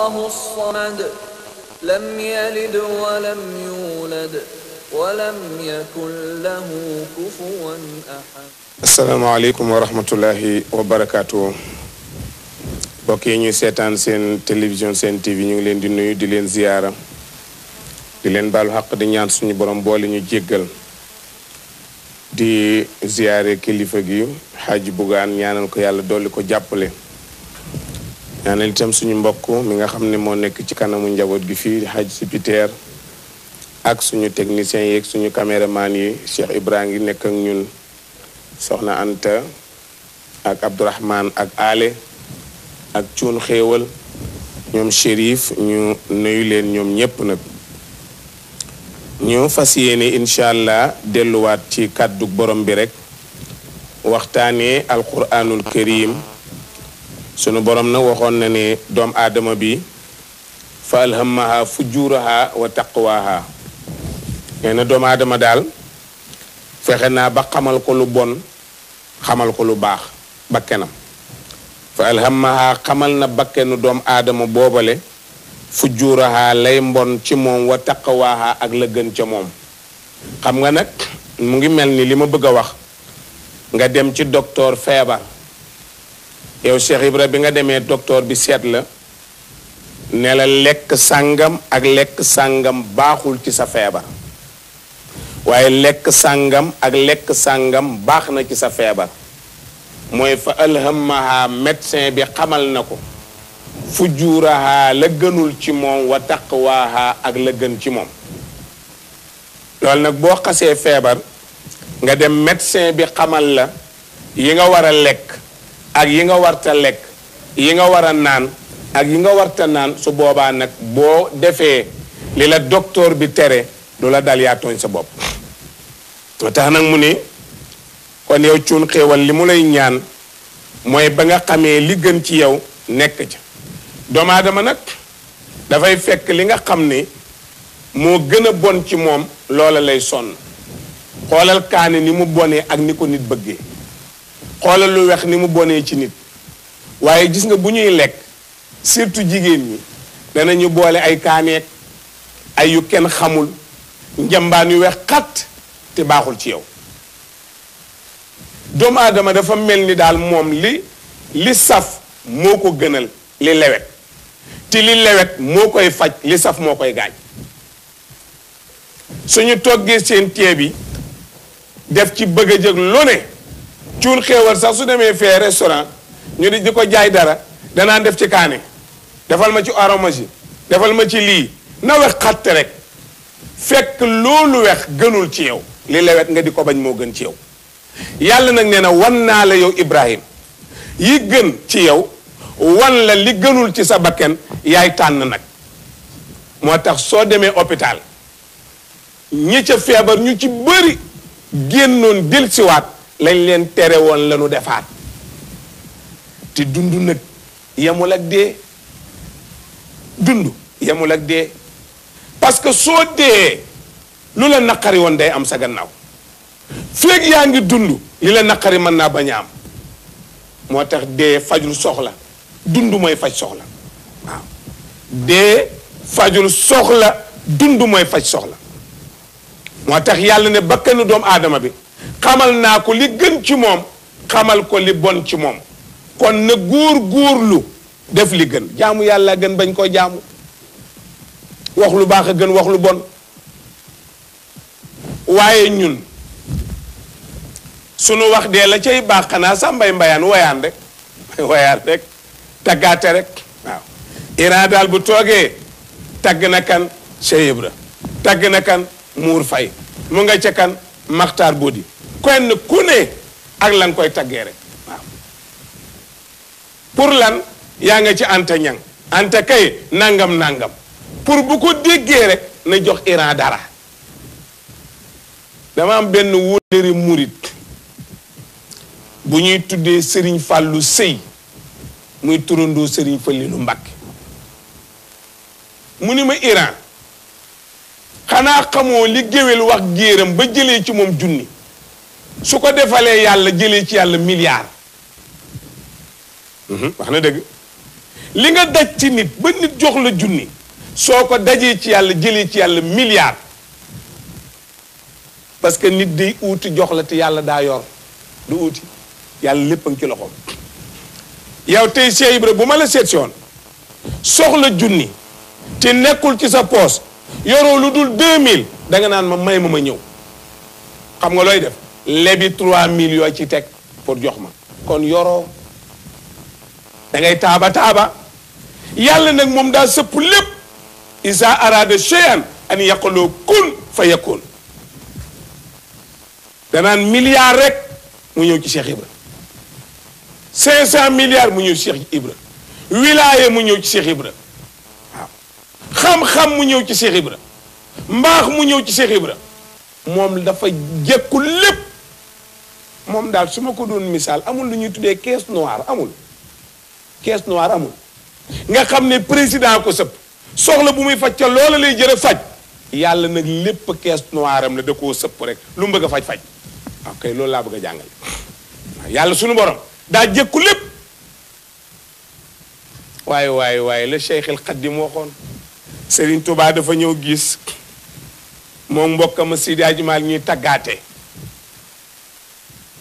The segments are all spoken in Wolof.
الله الصمد لم يلد ولم يولد ولم يكن له كفوا أحد السلام عليكم ورحمة الله وبركاته mbokk yi ñuy seetaan seen télévision seen TV ñu ngi leen di nuyu di leen ziyaara di leen baalu xaq di ñaan suñu borom boole ñu jéggal di ziyaare kilifa gi xaaji bugaan ñaanal ko yàlla dolli ko jàppale ñaanal itam suñu mbokk mi nga xam ne moo nekk ci kanamu njaboot gi fii xaj si ak suñu techniciens yeeg suñu caméraman yi Cheikh Ibrahima yi nekk ak ñun soxna Anta ak Abdourahman ak Ale ak cuun xéewal ñoom Chérif ñu nuyu leen ñoom ñépp nag ñoo fas yéene incha allah delluwaat ci kàddu borom bi rek waxtaanee alquranul karim sunu borom nag waxoon na ni doom aadama bi fa fu fujuraha wa taqwaha nee na doomu aadama daal fexe naa ba xamal ko lu bon xamal ko lu baax bakkenam fa alhamaha xamal na bakkenu doom aadama boobale fujuraha lay mbon ci moom wa taqwaha ak la gën ca moom xam nga nag mu ngi mel ni li ma bëgg a wax nga dem ci docteur feebar yow Cheikh Ibra bi nga demee docteur bi seet la ne la lekk sàngam ak lekk sàngam baaxul ci sa feebar waaye lekk sàngam ak lekk sàngam baax na ci sa feebar mooy fa alhamaha médecin bi xamal na ko fujuuraha la gënul ci moom wa taqwaaha ak la gën ci moom lool nag boo xasee feebar nga dem médecin bi xamal la yi nga war a lekk ak yi nga warta lekk yi nga war a naan ak yi nga warta naan su boobaa nag boo defee li la docteur bi tere du la dal yaa tooñ sa bopp tax nag mu ne kon yow cuun xéewal li mu lay ñaan mooy ba nga xamee li gën ci yow nekk ca doomu aadama nag dafay fekk li nga xam ni moo gën a bon ci moom loola lay sonn xoolal kaani ni mu bonee ak ni ko nit bëggee xoolal lu weex ni mu bonee ci nit waaye gis nga bu ñuy lekk surtout jigéen ñi danañu boole ay kaaneek ay yu kenn xamul njambaan yu weex xat te baaxul ci yow doomu aadama dafa mel ni daal moom li li saf moo ko gënal li lewet te li lewet moo koy faj li saf moo koy gaañ suñu toggee seen ceeb yi def ci bëgg a jëg lu ne cuun xéewal sax su demee fee restaurant ñu di di ko jaay dara danaan def ci kaani defal ma ci aromage defal ma ci lii na wex xatt rek fekk loolu wex gënul ci yow li lewet nga di ko bañ moo gën ci yow yàlla nag nee wan naa la yow Ibrahim yi gën ci yow wan la li gënul ci sa bakken yaay tànn nag moo tax soo demee hôpital ñi ca feebar ñu ci bëri génnoon siwaat lañ leen tere woon lañu defaat te dund nag yemul ak dee dund yemul ak dee parce que soo dee lu la naqari woon day am sa gannaaw fekk yaa ngi dund li la naqari mën naa bañ a am moo tax dee fajul soxla dund mooy faj soxla waaw dee fajul soxla dund mooy faj soxla moo tax yàlla ne bakkanu doomu aadama bi xamal naa ko li gën ci moom xamal ko li bon ci moom kon na góor góorlu def li gën jaamu yàlla gën bañ ko jaamu wax lu baax a gën wax lu bon waaye ñun sunu wax dee la cay baax xanaa sa mbay mbayaan wayaan rek wayaan rek taggaate rek waaw Iran daal bu toogee tagg na kan Cheikh Ibra tagg na kan Mour Faye mu nga ca kan maxtaar boodi kenn ku ne ak lan koy taggee rek pour lan yaa nga ci anta ñang anta kay nangam nangam pour bu ko déggee rek na jox Iran dara dama am benn wóoleeri murit bu ñuy tuddee sëriñ fàllu sëy muy turandoo sëriñ Fallilu Mbàkke mu ni ma Iran xanaa xamoo li géwél wax géeram ba jëlee ci moom junni su ko defalee yàlla jëlee ci yàlla milliard mhm. wax na dëgg li nga daj ci nit ba nit jox la junni soo ko dajee ci yàlla jëlee ci yàlla milliard parce que nit di uuti jox la te yàlla daa yor du uuti yàlla lépp ci loxoom yow tey Cheikh Ibra bu ma la seet soxla junni te nekkul ci sa poos yoroo lu dul 2000 da nga naan ma may ma ma ñëw xam nga looy def lebi 3000 yoo ci teg pour jox ma kon yoroo dangay ngay taaba taaba yàlla nag moom daa sëpp lépp isa arada cheyan an yaqaloo kun fa yakun danaan milliard rek mu ñëw ci Cheikh Ibra 500 milliards mu ñëw ci Cheikh Ibra wilaaye mu ñëw ci Cheikh Ibra xam-xam mu ñëw ci Cheikh ra mbaax mu ñëw ci Cheikh Ibra moom dafa jekku lépp moom daal su ma ko doon misaal amul lu ñuy tuddee caisse noire amul caisse noire amul nga xam ne président ko sëpp soxla bu muy faj ca loola lay jëre faj yàlla nag lépp caisse noire am la da koo sëpp rek lu mu bëgg faj faj ok ah, loolu laa bëgg a jàngale yàlla sunu borom daa jekku lépp waaye waaye waaye la Cheikh El Khadim waxoon Serigne Touba dafa ñëw gis moom mbokkam Sidi Hadji Malick ñuy taggaate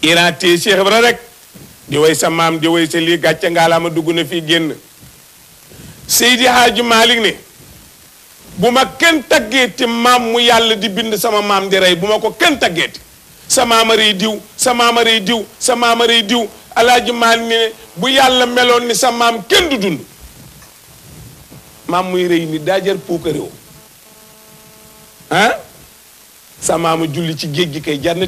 iraatee Cheikh Ibra rek di way sa maam di way sa lii gàcce ngaalaama dugg na fii génn Seydi Hadji Malick bu ma kenn taggeeti maam mu yàlla di bind sama maam di rey bu ma ko kenn taggeeti sa maamarey diw sa maamarey diw sa diw alaaji Malick ne bu yàlla meloon ni sa maam kenn du dund maam muy rëy ni daa jar puuka sa maamu julli ci géej gi kay jar na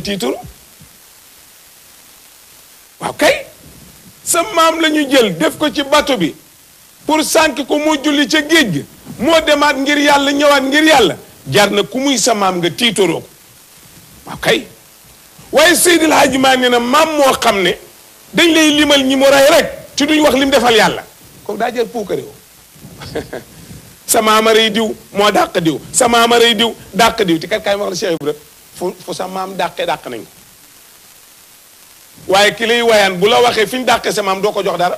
waaw kay sa maam lañu jël def ko ci bato bi pour sànq ko moo julli ca géej gi moo demaat ngir yàlla ñëwaat ngir yàlla jar na ku muy sa maam nga tiitoroo ko waaw kay waaye Seydil Hadji maa na maam moo xam ne dañ lay limal ñi mu rey rek ci duñ wax lim defal yàlla kooku daa jar puuka sa maama rey diw moo dàq diw sa maama rey diw dàq diw te kat kaay ma wax la Cheikh Ibra fu fu sa maam dàqee dàq nañ ko waaye ki lay wayaan bu la waxee fi ñu dàqee sa maam doo ko jox dara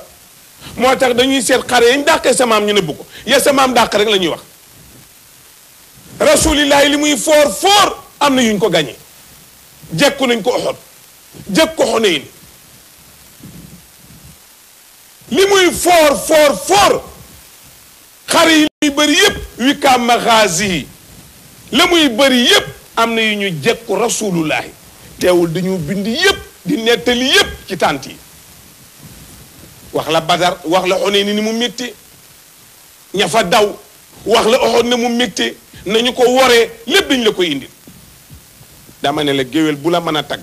moo tax dañuy seet xare yañ dàqee sa maam ñu nëbb ko ya sa maam dàq rek la ñuy wax rasulillahi li muy foor foor am na yuñ ko gañee jekku nañ ko oxot jëkk ko xoneyin li muy foor foor foor xar yi ñuy yi la muy bari yépp am na yu ñu jekku rasulullahi teewul dañu bind yépp di nettali yépp ci tànt yi wax la badar wax la xonee ni mu métti ña fa daw wax la oxoon ne mu métti nañu ko woree lépp dañ la ko indi dama ne la géwél bu la mën a tagg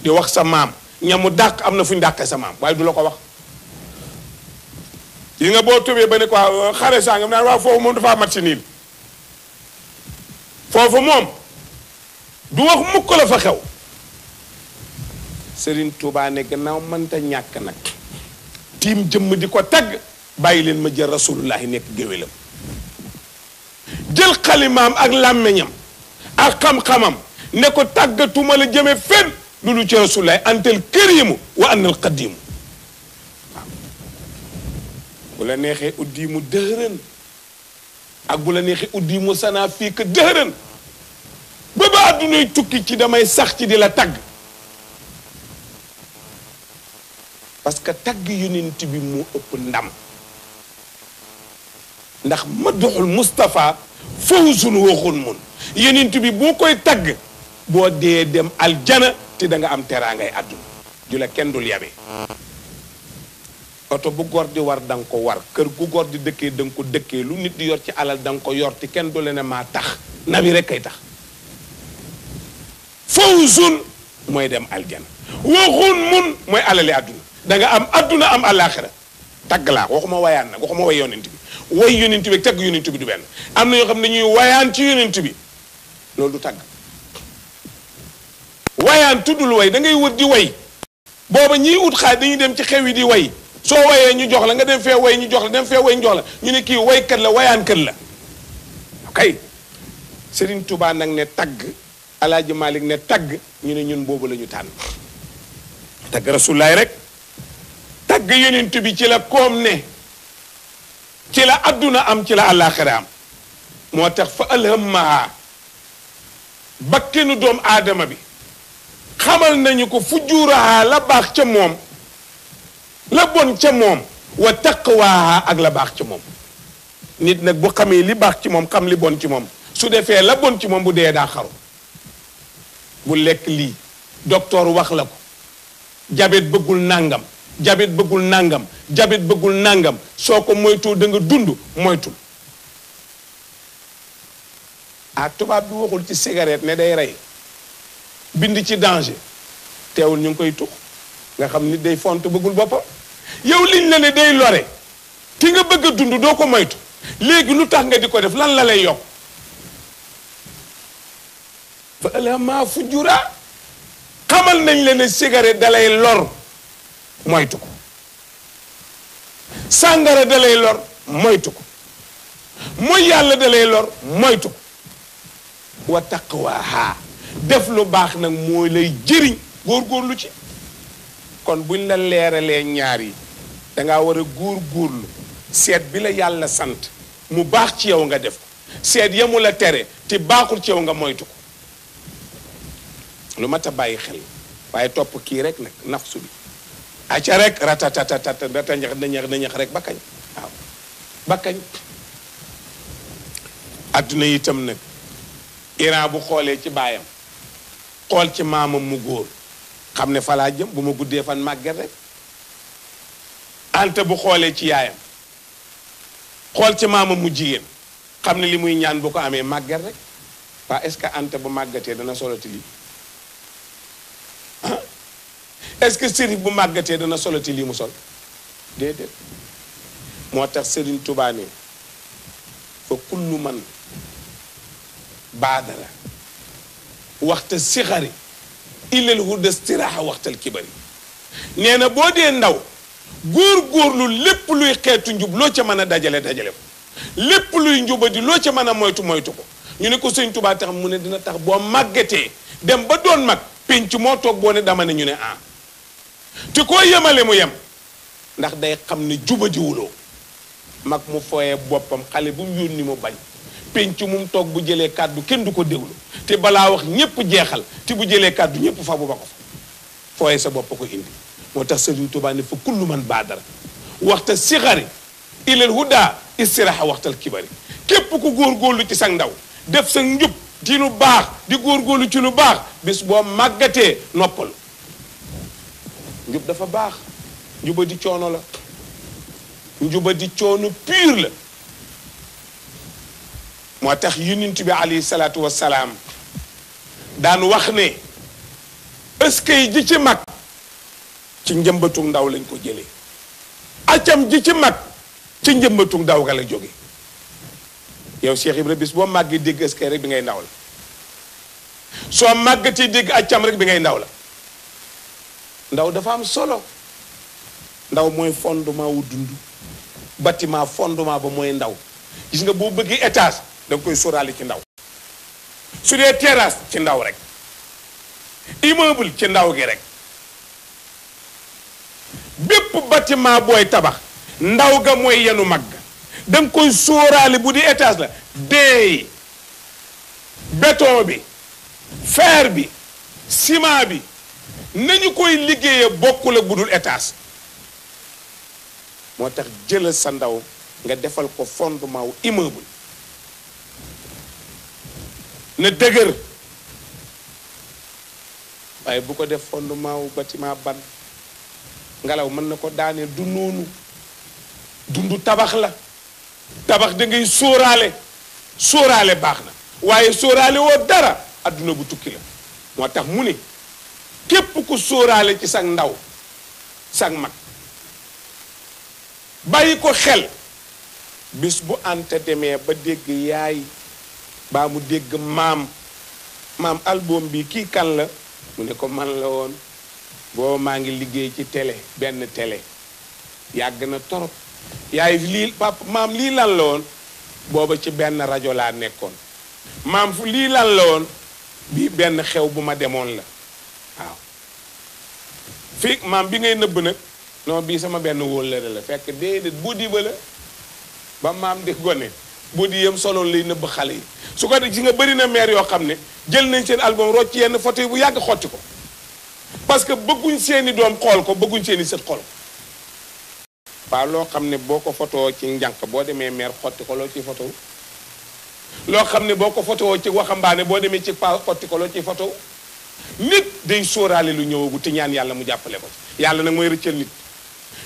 di wax sa maam ñamu dàq am na fu ñu dàqee sa maam waaye du la ko wax li nga boo tubee ba ne ko ah, xare sàngam naan waaw foofu moom foofu moom du wax mukk la fa xew Serigne Touba gannaaw mënta ñàkk nag tiim jëmm di ko tagg bàyyi leen ma jël rasulullahi nekk géwélam jël xalimaam ak làmmeñam ak xam-xamam ne ko tàggatuma la jëme fenn lu lu ci rasulullahi antel karimu wa annal bu la neexee uddi mu dëhëran ak bu la neexee uddi mu sanaa fii ka dëhëran ba ba addunay tukki ci damay sax ci di la tagg parce que tagg yonent bi moo ëpp ndam ndax madduxul Moustapha fawzun waxun mun yonent bi boo koy tagg boo dee dem aljana te da nga am teraangay àdduna ju la kenn dul yabe oto bu góor di war da ko war kër gu góor di dëkkee da ko dëkkee lu nit di yor ci alal da nga ko yor ti kenn du le ne maa tax nabi rek kay tax fawzun mooy dem aljana waxun mun mooy alali àdduna danga am àdduna am àllaaxira tagg laa waxuma wayaan nag waxuma way yonent bi way yonent bi tagg yonent bi du benn am na ñoo xam ne ñuy wayaan ci yonent bi loolu du tagg wayaan tuddul way da ngay wër di way booba ñiy ut xaaj dañuy dem ci xew yi di way soo wayee ñu jox la nga dem fee way ñu jox la dem fee way ñu ñu ne kii waykat la wayaan la kay Serigne Touba nag ne tagg Alaaji Malik ne tagg ñu ne ñun boobu lañu tànn tagg rasulaay rek tagg yonent bi ci la koom ne ci la adduna am ci la àllaaxira am moo tax fa alhamaha bakkenu doomu aadama bi xamal nañu ko fu juurahaa la baax ca moom la bon ca moom wa taqwaaha ak la baax ci moom nit nag bu xamee li baax ci moom xam li bon ci moom su defee la bon ci moom bu dee daa xaru bu lekk lii docteur wax la ko jabet bëggul nàngam jabet bëggul nàngam jabet bëggul nàngam soo ko moytuwul danga nga dund moytul ah tubaab bi waxul ci cigarette ne day rey bind ci danger teewul ñu ngi koy tux nga xam nit day font bëggul boppa yow liñ la ne day lore ki nga bëgg a dund doo ko moytu léegi lu tax nga di ko def lan la lay yokk fa ëllëmaa fu juraa xamal nañ la ne cigarette dalay lor moytu ko sàngara dalay lor moytu ko mooy yàlla dalay lor moytu ko wa taqwaaha def lu baax nag mooy lay jëriñ lu ci kon buñ la leeralee ñaar yi dangaa war a góor góorlu seet bi la yàlla sant mu baax ci yow nga def ko seet yamu la tere te baaxul ci yow nga moytu ko lu mat a bàyyi xel waaye topp kii rek nag nafsu bi acca rek ratatatatata ratañax nañax nañax rek ba kañ waaw ba kañ adduna itam nag Iran bu xoolee ci baayam xool ci maamam mu góor xam ne falaa jëm bu ma guddee fan màgget rek anta bu xoolee ci yaayam xool ci maamam mu jigéen xam ne li muy ñaan bu ko amee màggat rek waa est-ce que anta bu màggatee dana solati lii ah est-ce que sëriñ bu màggatee dana soloti lii mu sol déedéet moo tax sëriñ Tuubaa ne fa kullu man baadara waxta sixari ilal huda stiraha waxtal kibari nee na boo dee ndaw góor-góorlu lépp luy xeetu njub loo ca mën a dajale dajale ko lépp luy njubadi loo ca mën a moytu moytu ko ñu ne ko sëñ Tuubaa tax mu ne dina tax boo màggatee dem ba doon mag pénc moo toog boo dama ne ñu ne ah te koo yemale mu yem ndax day xam ne jubadiwuloo mag mu fooyee boppam xale bu mu yónni bañ pénc mu toog bu jëlee kàddu kenn du ko déglu te balaa wax ñépp jeexal te bu jëlee kàddu ñépp fa bu ba ko fa fooyee sa bopp ko indi moo tax Sëriñ Tuubaa ne fa kullu man baadara waxta sixari ilal huda istiraha waxtal kibari képp ku góorgóorlu ci sa ndaw def sa njub ci lu baax di góorgóorlu ci lu baax bis boo màggatee noppal njub dafa baax njuba di coono la njuba di coono pur la moo tax yonent bi alayhi salaatu wassalaam daan wax ne ëskay ji ci mag ci njëmbatu ndaw lañ ko jëlee acam ji ci mag ci njëmbatu ndaw ga la jóge yow Cheikh Ibra bis boo màggee dégg askay rek bi ngay ndaw la soo dégg acam rek bi ngay ndaw la ndaw dafa am solo ndaw mooy fondement wu dund bâtiment fondement ba mooy ndaw gis nga boo bëggee étage da koy sóoraale ci ndaw su dee terrasse ci ndaw rek immeuble ci ndaw gi rek bépp bâtiment booy tabax ndaw ga mooy yenu mag ga da koy sóoraale bu di etaas la deey béton bi fer bi ciment bi nañu koy liggéeye bokkul ak bu dul étage moo tax jëlal sa ndaw nga defal ko fondement wu immeuble na dëgër waaye bu ko def fondement wu bâtiment ban ngelaw mën na ko daanee du noonu dundu tabax la tabax da ngay sóoraale sóoraale baax na waaye sooraale woo dara adduna bu tukki la moo tax mu ne képp ku sóoraale ci sag ndaw sag mag bàyyi ko xel bis bu ante demee ba dégg yaay baa mu dégg maam maam album bi kii kan la mu ne ko man la woon booba maa ngi liggéey ci télé benn télé yàgg na torop yaay lii papa maam lii lan la woon booba ci benn rajo laa nekkoon maam lii lan bii benn xew bu ma demoon la waaw fii maam bi ngay nëbb nag non bii sama benn wóllëre la fekk déedéet buddi ba la ba maam di gone buddi yam soloon lay nëbb xale yi su ko def ci nga bari na maire yoo xam ne jël nañ seen album rocc yenn photo yi bu yàgg xotti ko parce que bëgguñ seeni doom xool ko bëgguñ seeni sët xool ko waaw loo xam ne boo ko fotoo ci njànk boo demee meer xotti ko loo loo xam ne boo ko fotowoo ci waxambaane boo demee ci pa xotti ciy fotow nit day sóoraale lu ñëwagu te ñaan yàlla mu jàppale ko yàlla nag mooy rëccal nit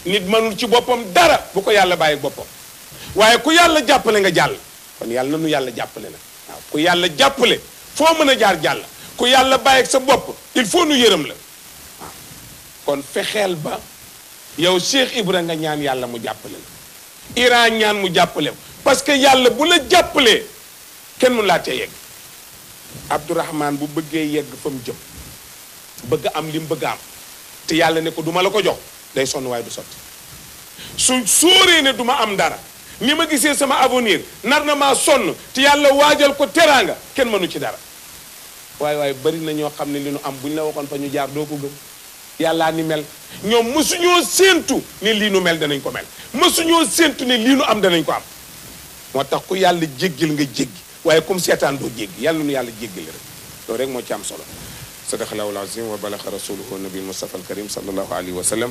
nit mënul ci boppam dara bu ko yàlla bàyyi boppam waaye ku yàlla jàppale nga jàll kon yàlla nanu yàlla jàppale nag waaw ku yàlla jàppale foo mën a jaar jàll ku yàlla bàyyi sa bopp il faut nu yërëm la kon fexeel ba yow Cheikh Ibra nga ñaan yàlla mu jàppale la Iran ñaan mu jàppale parce que yàlla bu la jàppalee kenn mun laa tee yegg Abdourahman bu bëggee yegg fa mu jëm bëgg am li mu bëgg am te yàlla ne ko duma la ko jox day sonn waaye du sotti su sóoree ne duma am dara ni ma gisee sama avenir nar na maa sonn te yàlla waajal ko teraanga kenn mënu ci dara waaye waaye bari na ñoo xam ne li nu am bu ñu la waxoon fa ñu jaar doo ko gëm yàllaa ni mel ñoom mësuñoo séentu ne lii nu mel danañ ko mel mësuñoo séentu ne lii nu am danañ ko am moo tax ku yàlla jéggil nga jéggi waaye comme seetaan doo jéggi yàlla nu yàlla jéggil rek loolu rek moo ci am solo sadaqallahu alazim wa balaxa rasuluhu nabil mustafa alkarim sallallahu alayhi wa sallam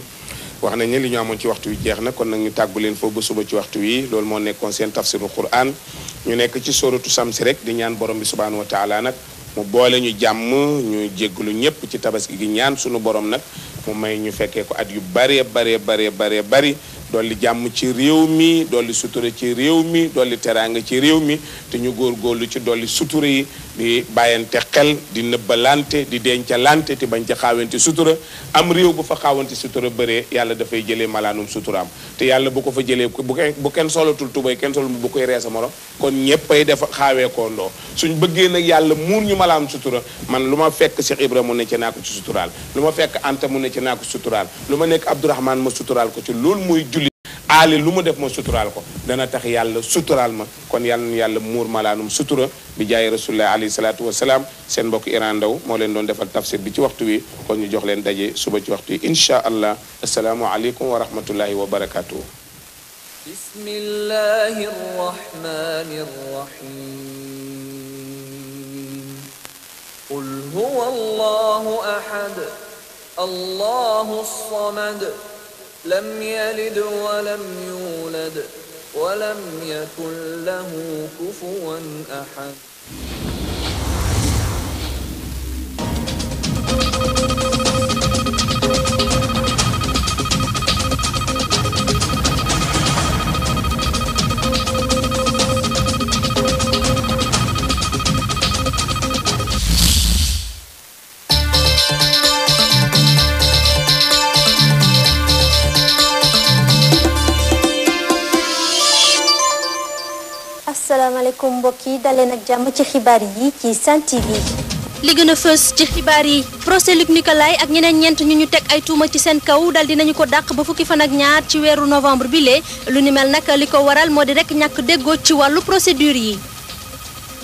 wax nañ ne li ñu amoon ci waxtu wi jeex na kon nag ñu tàggu leen foofu suba ci waxtu wi loolu moo nekkoon seen tafsirul quran ñu nekk ci sóoratu samsi rek di ñaan borom bi subhanahu wa taala nag mu boole ñu jàmm ñu jéggalu ñépp ci tabaski gi ñaan sunu borom nag mu may ñu fekkee ko at yu bare bare bare bare bari dolli jàmm ci réew mi dolli sutura ci réew mi dolli teraanga ci réew mi te ñu góor lu ci dolli sutura yi di bàyyante xel di nëbbalante di dencalante te bañ ca xaawante sutura am réew bu fa xaawante sutura bëree yàlla dafay jëlee malaanum suturaam te yàlla bu ko fa jëlee bu bu kenn solatul tubay kenn sol bu koy reesa moro kon ñéppay dafa xaawee koo ndoo suñ bëggee nag yàlla muur ñu malaanum sutura man lu ma fekk Cheikh Ibra mu ne ci naa ko ci suturaal lu ma fekk Anta mu ci naa ko nekk Abdourahmane ma suturaal ko ci loolu mooy julli aali lu mu def ma suturaal ko dana tax yàlla suturaal ma kon yàlla nu yàlla muur malaanum sutura bi jaay rasulullah alayhi salaatu wasalaam seen mbokk Iran Ndaw moo leen doon defal tafsir bi ci waxtu wi kon ñu jox leen daje suba ci waxtu wi insha allah asalaamu aleykum wa rahmatullahi wa بسم الله الرحمن rahim قل هو allahu احد allahu الصمد لم يلد ولم يولد ولم يكن له كفوا أحد asalaamaaleykum mbokk yi daleen ak jàmm ci xibaar yi ci Sen TV li gën a fës ci xibaar yi procès Luc Nicolaï ak ñeneen ñeent ñu ñu teg ay tuuma ci seen kaw dal dinañu ko dàq ba fukki fan ak ñaar ci weeru novembre bi lee lu ni mel nag li ko waral moo di rek ñàkk déggoo ci wàllu procédure yi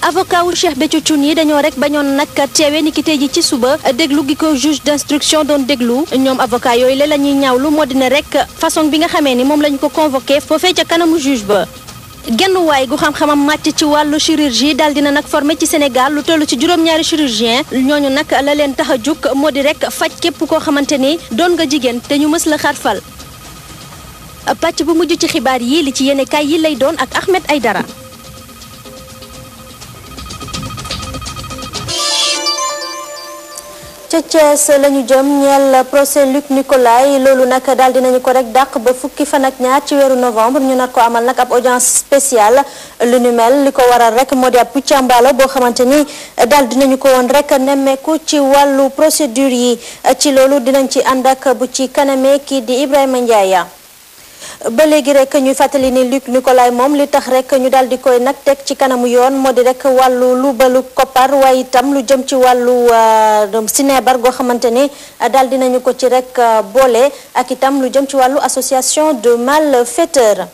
avocat wu Cheikh Béthio Thioune yi dañoo rek bañoon nag teewe ni ki tey ji ci suba déglu gi ko juge d'instruction doon déglu ñoom avocat yooyu le la ñuy ñaawlu moo dina rek bi nga xamee ni moom lañu ko convoqué foofee ca kanamu genn waay gu xam-xamam màcc ci wàllu chirurgie daal dina nag formé ci Sénégal lu tollu ci juróom-ñaari chirurgien ñooñu nag la leen tax a jug moo di rek faj képp koo xamante ni doon nga jigéen te ñu mës la xarfal pàcc bu mujj ci xibaar yii li ci yéene kaay yi lay doon ak ay dara ca Thiès la ñu jëm ñeel procès Luc Nicolaï loolu nag daal dinañu ko rek dàq ba fukki fan ak ñaar ci weeru novembre ñu nar ko amal nag ab audience spéciale lu nu mel li ko waral rek moo di ab puccambaalo boo xamante ni daal dinañu ko woon rek nemmeeku ci wàllu procédure yi ci loolu dinañ ci ànd ak bu ci kaname kii di Ibrahima Ndiaye. ba léegi rek ñuy fàttali ni Luc Nicolaï moom li tax rek ñu daal di koy nag teg ci kanamu yoon moo di rek wàllu lu balu koppar waaye itam lu jëm ci wàllu euh, sinébar goo xamante ni daal nañu ko ci rek euh, boole ak itam lu jëm ci wàllu association de malfaiteurs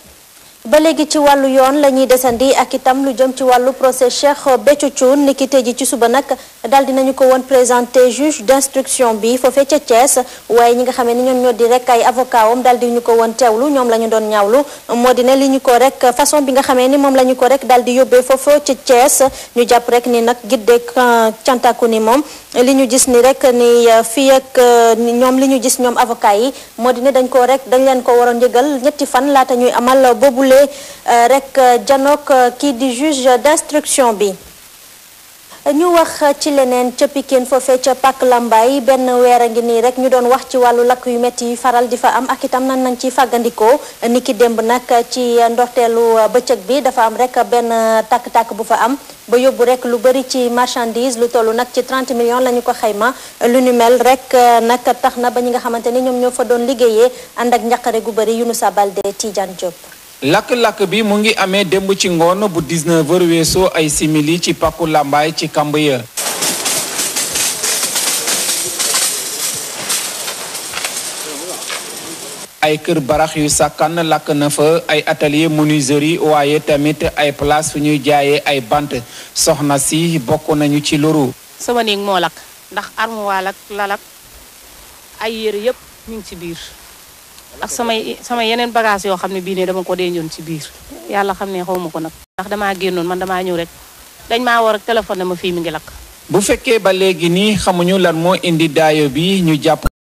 balegi ci walu yoon lañuy desandi ak itam lu jëm ci walu procès Cheikh beccu ciun niki tey ci suba nak dal dinañu ko won présenter juge d'instruction bi fofé ci ties way ñi nga xamé ni ñoom ñoo di rek ay avocat wam daal di ñu ko won tewlu ñom lañu doon ñaawlu moo di ne li ñu ko rek façon bi nga xamé ni mom lañu ko rek dal di yobé foofu ci ties ñu japp rek ni nag giddee cantaku ni mom li ñu gis ni rek ni fi ak ñom li ñu gis ñom avocat yi moo ne dañ ko rek dañ leen ko waron yëgal ñetti fan la tañuy amal bobu lay euh, rek euh, janok euh, ki di juge d'instruction bi ñu wax ci leneen ca Pikine foofee ca Pàkk Lambaay ngi rek ñu doon wax ci wàllu yu faral di am ak itam nan nañ ci fàggandikoo ni ki démb ci bi dafa am rek ben tak tak bu fa am ba rek lu bëri ci marchandise lu toll nag ci 30 millions ko lu mel rek nak tax ba ñi nga xamante ni ñoo fa doon liggéeyee ànd ak gu Tidiane Diop lakk-lakk bi mu ngi amee démb ci ngoon bu 19 heures weesoo ay simili ci pàkku làmbaay ci kamb ya ay kër barax yu sàkkan lakk na fa ay atelier menuiserie waaye tamit ay place fu ñuy jaayee ay bant soxna si bokk nañu ci loru. sama néeg moo lakk ndax armoire ak lalak ay yére yëpp ñu ci biir. ak sama sama yeneen bagage yoo xam ne bii ne dama ko dencoon ci biir yàlla xam ne ma ko nag ndax damaa génnoon man damaa ñëw rek dañ maa war rek téléphone ne ma fii mi ngi lakk bu fekkee ba léegi nii xamuñu lan moo indi daayo bi ñu jàpp